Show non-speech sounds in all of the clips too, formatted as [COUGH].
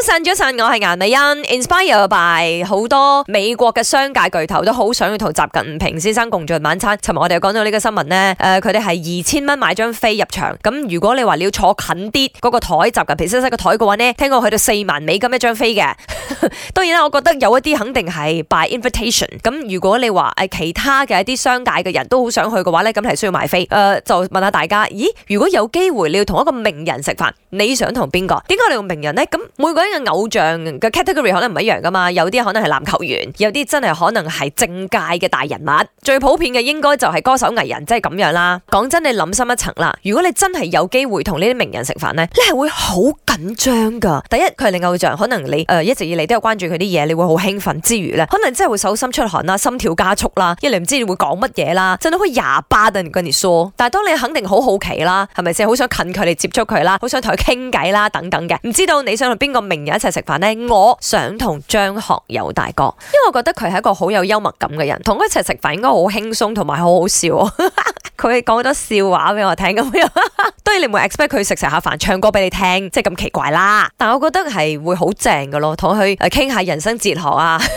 早晨早晨，我係顏美欣，inspire by 好多美國嘅商界巨頭都好想去同習近平先生共聚晚餐，尋日我哋講到呢個新聞呢誒，佢哋係二千蚊買張飛入場。咁如果你話你要坐近啲嗰個台，習近平先生個台嘅話呢，聽講去到四萬美金一張飛嘅。 [LAUGHS] 當然啦，我覺得有一啲肯定係 by invitation。咁如果你話誒其他嘅一啲商界嘅人都好想去嘅話呢，咁係需要買飛。誒、呃，就問下大家，咦？如果有機會你要同一個名人食飯，你想同邊個？點解你用名人呢？咁每個。嘅偶像嘅 category 可能唔一樣噶嘛，有啲可能係籃球員，有啲真係可能係政界嘅大人物。最普遍嘅應該就係歌手藝人，即係咁樣啦。講真，你諗深一層啦，如果你真係有機會同呢啲名人食飯呢，你係會好緊張噶。第一，佢係你偶像，可能你誒、呃、一直以嚟都有關注佢啲嘢，你會好興奮之餘呢，可能真係會手心出汗啦，心跳加速啦，一嚟唔知你會講乜嘢啦，真係開啞巴等佢哋說。但係當你肯定好好奇啦，係咪先好想近距離接觸佢啦，好想同佢傾偈啦，等等嘅，唔知道你想同邊個名。一齊食飯呢，我想同張學友大哥，因為我覺得佢係一個好有幽默感嘅人，同佢一齊食飯應該好輕鬆，同埋好好笑。佢講好多笑話俾我聽咁樣，當 [LAUGHS] 然你唔會 expect 佢食食下飯唱歌俾你聽，即係咁奇怪啦。但我覺得係會好正㗎咯，同佢誒傾下人生哲學啊。 [LAUGHS]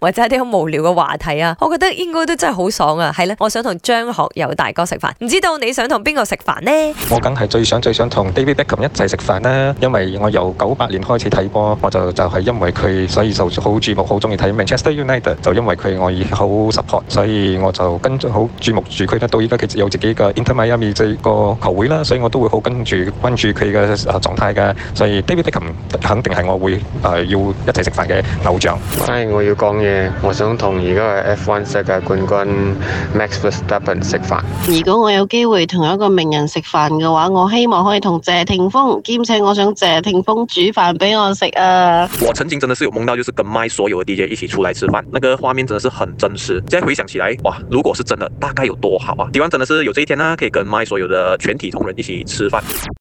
或者一啲好無聊嘅話題啊，我覺得應該都真係好爽啊，係呢，我想同張學友大哥食飯，唔知道你想同邊個食飯呢？我梗係最想最想同 David Beckham 一齊食飯啦，因為我由九八年開始睇波，我就就係因為佢，所以就好注目，好中意睇 Manchester United，就因為佢我已經好 support，所以我就跟住好注目住佢啦，到依家佢有自己嘅 Inter Miami 這個球會啦，啊，所以我都會好跟住關注佢嘅誒狀態嘅，所以 David Beckham 肯定係我會、呃、要一齊食飯嘅偶像。誒、 [NOISE] 哎，我要講。我想同而家嘅 F1 世界冠軍 Max Verstappen 食飯。如果我有機會同一個名人食飯嘅話，我希望可以同謝霆鋒，兼且我想謝霆鋒煮飯俾我食啊！我曾經真的是有夢到，就是跟 MY 所有嘅 DJ 一起出來吃飯，那個畫面真的是很真實。現在回想起來，哇，如果是真的，大概有多好啊！希望真的是有這一天啦，可以跟 MY 所有的全體同仁一起吃飯。